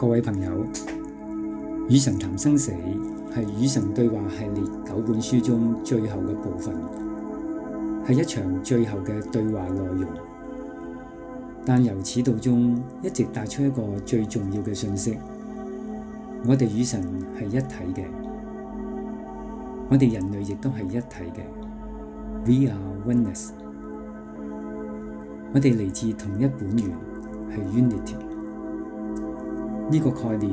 各位朋友，與神談生死係與神對話系列九本書中最後嘅部分，係一場最後嘅對話內容。但由始到終，一直帶出一個最重要嘅信息：我哋與神係一體嘅，我哋人類亦都係一體嘅。We are oneness。我哋嚟自同一本源，係 Unity。呢個概念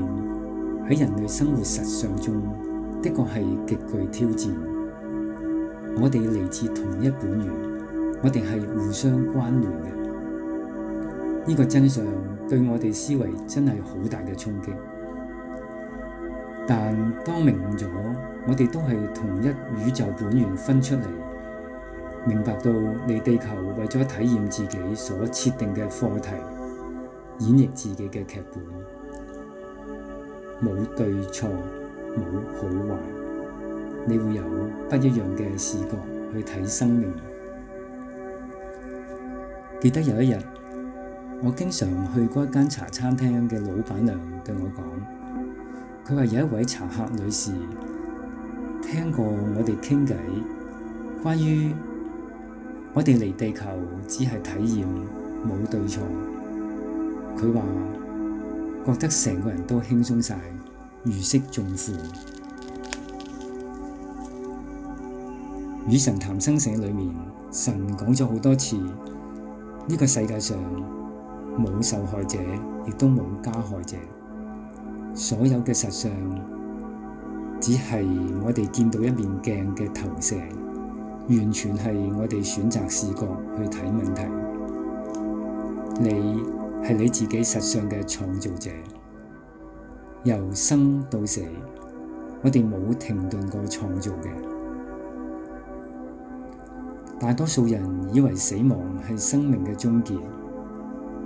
喺人類生活實相中的確係極具挑戰。我哋嚟自同一本源，我哋係互相關聯嘅。呢個真相對我哋思維真係好大嘅衝擊。但當明咗，我哋都係同一宇宙本源分出嚟，明白到你地球為咗體驗自己所設定嘅課題，演繹自己嘅劇本。冇對錯，冇好壞，你會有不一樣嘅視角去睇生命。記得有一日，我經常去過一間茶餐廳嘅老闆娘對我講，佢話有一位茶客女士聽過我哋傾偈，關於我哋嚟地球只係體驗冇對錯。佢話。覺得成個人都輕鬆晒，如釋重負。與神談生死裏面，神講咗好多次，呢個世界上冇受害者，亦都冇加害者。所有嘅實相，只係我哋見到一面鏡嘅投射，完全係我哋選擇視角去睇問題。你。係你自己實相嘅創造者，由生到死，我哋冇停頓過創造嘅。大多數人以為死亡係生命嘅終結，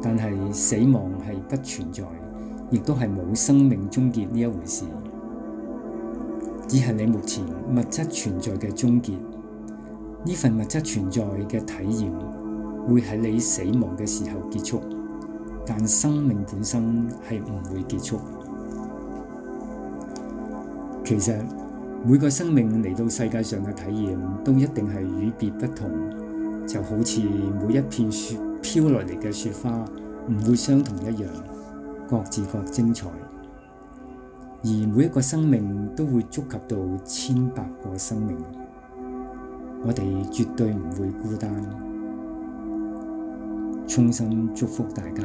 但係死亡係不存在，亦都係冇生命終結呢一回事。只係你目前物質存在嘅終結，呢份物質存在嘅體驗會喺你死亡嘅時候結束。但生命本身係唔會結束。其實每個生命嚟到世界上嘅體驗，都一定係與別不同。就好似每一片雪飄落嚟嘅雪花，唔會相同一樣，各自各精彩。而每一個生命都會觸及到千百個生命，我哋絕對唔會孤單。衷心祝福大家。